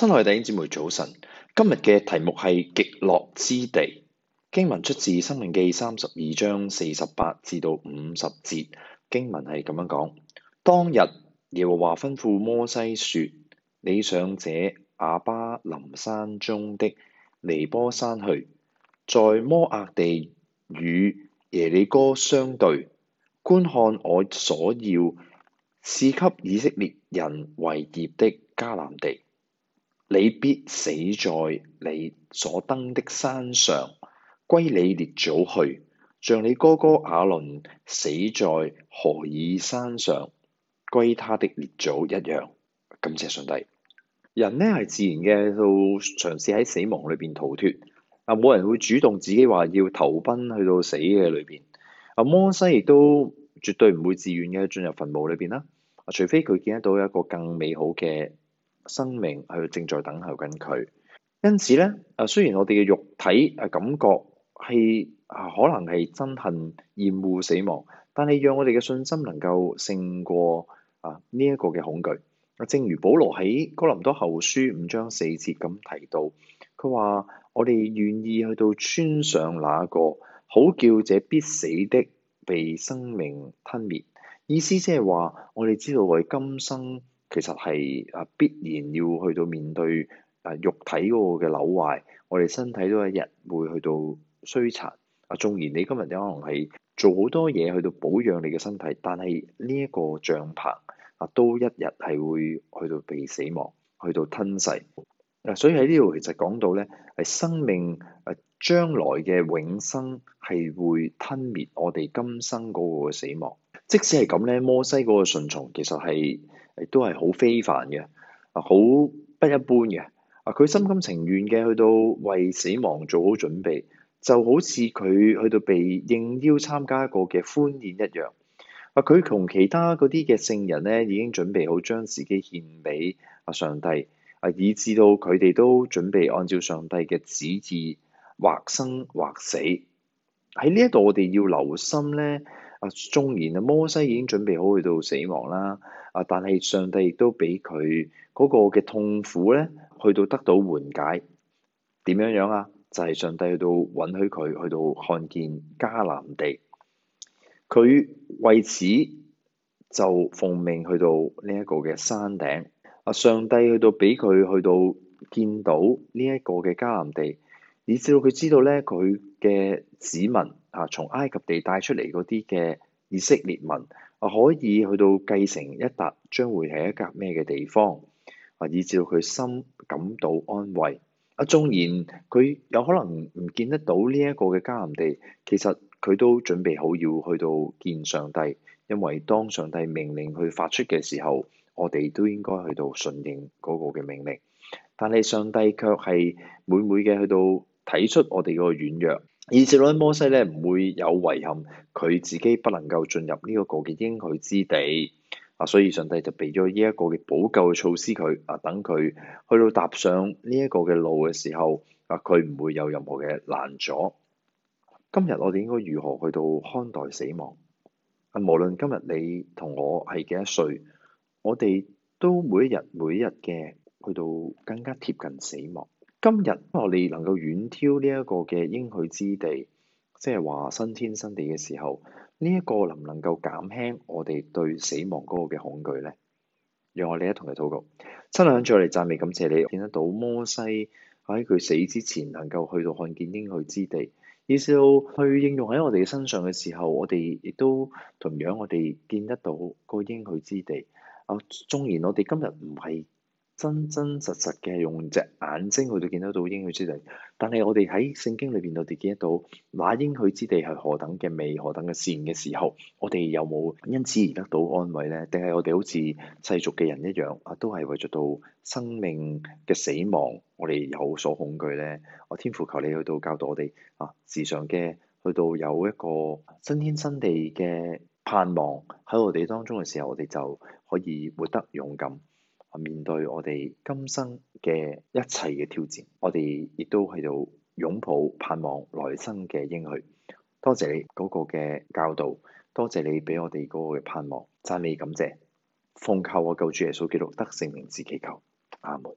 親愛弟兄姊妹早晨，今日嘅題目係極樂之地。經文出自《申命記》三十二章四十八至到五十節。經文係咁樣講：當日耶和華吩咐摩西說，你上這亞巴琳山中的尼波山去，在摩押地與耶利哥相對，觀看我所要賜給以色列人為業的迦南地。你必死在你所登的山上，歸你列祖去，像你哥哥亞倫死在何珥山上，歸他的列祖一樣。感謝上帝，人呢係自然嘅，都嘗試喺死亡裏邊逃脫，啊冇人會主動自己話要投奔去到死嘅裏邊，啊摩西亦都絕對唔會自願嘅進入墳墓裏邊啦，啊除非佢見得到一個更美好嘅。生命係正在等候緊佢，因此咧，啊，雖然我哋嘅肉體啊感覺係啊可能係憎恨厭惡死亡，但係讓我哋嘅信心能夠勝過啊呢一個嘅恐懼。啊、這個，正如保羅喺哥林多後書五章四節咁提到，佢話：「我哋願意去到穿上那個好叫這必死的被生命吞滅。」意思即係話，我哋知道我哋今生其實係啊，必然要去到面對啊，肉體嗰個嘅朽壞，我哋身體都一日會去到衰殘啊。縱然你今日你可能係做好多嘢去到保養你嘅身體，但係呢一個帳篷啊，都一日係會去到被死亡去到吞噬啊。所以喺呢度其實講到咧係生命啊，將來嘅永生係會吞滅我哋今生嗰個死亡。即使係咁咧，摩西嗰個順從其實係，都係好非凡嘅，啊好不一般嘅，啊佢心甘情願嘅去到為死亡做好準備，就好似佢去到被應邀參加過嘅歡宴一樣。啊，佢同其他嗰啲嘅聖人咧，已經準備好將自己獻俾啊上帝，啊以至到佢哋都準備按照上帝嘅旨意或生或死。喺呢一度，我哋要留心咧。啊，縱然啊，摩西已經準備好去到死亡啦，啊，但係上帝亦都俾佢嗰個嘅痛苦咧，去到得到緩解，點樣樣啊？就係、是、上帝去到允許佢去到看見迦南地，佢為此就奉命去到呢一個嘅山頂，啊，上帝去到俾佢去到見到呢一個嘅迦南地，以至到佢知道咧佢嘅子民。啊！從埃及地帶出嚟嗰啲嘅以色列民啊，可以去到繼承一笪將會係一笪咩嘅地方啊，以至佢心感到安慰啊。縱然佢有可能唔唔見得到呢一個嘅迦南地，其實佢都準備好要去到見上帝，因為當上帝命令佢發出嘅時候，我哋都應該去到順應嗰個嘅命令。但係上帝卻係每每嘅去到睇出我哋嗰個軟弱。以色列摩西咧唔會有遺憾，佢自己不能夠進入呢一個嘅應許之地啊，所以上帝就俾咗呢一個嘅補救措施佢啊，等佢去到踏上呢一個嘅路嘅時候啊，佢唔會有任何嘅難阻。今日我哋應該如何去到看待死亡？無論今日你同我係幾多歲，我哋都每一日每一日嘅去到更加貼近死亡。今日我哋能夠遠眺呢一個嘅應許之地，即係話新天新地嘅時候，呢、這、一個能唔能夠減輕我哋對死亡嗰個嘅恐懼咧？讓我哋一同嚟禱告。親愛嘅主，我哋讚美感謝你，見得到摩西喺佢死之前能夠去到看見應許之地。而到去應用喺我哋身上嘅時候，我哋亦都同樣我哋見得到個應許之地。啊，縱然我哋今日唔係，真真實實嘅用隻眼睛去到見得到應許之地，但係我哋喺聖經裏邊我哋見得到那應許之地係何等嘅美，何等嘅善嘅時候，我哋有冇因此而得到安慰呢？定係我哋好似世俗嘅人一樣啊，都係為咗到生命嘅死亡，我哋有所恐懼呢？我天父求你去到教導我哋啊，時常嘅去到有一個新天新地嘅盼望喺我哋當中嘅時候，我哋就可以活得勇敢。面對我哋今生嘅一切嘅挑戰，我哋亦都喺度擁抱、盼望來生嘅應許。多謝你嗰個嘅教導，多謝你俾我哋嗰個嘅盼望，讚美感謝。奉靠我救主耶穌基督，得勝名字祈求，阿門。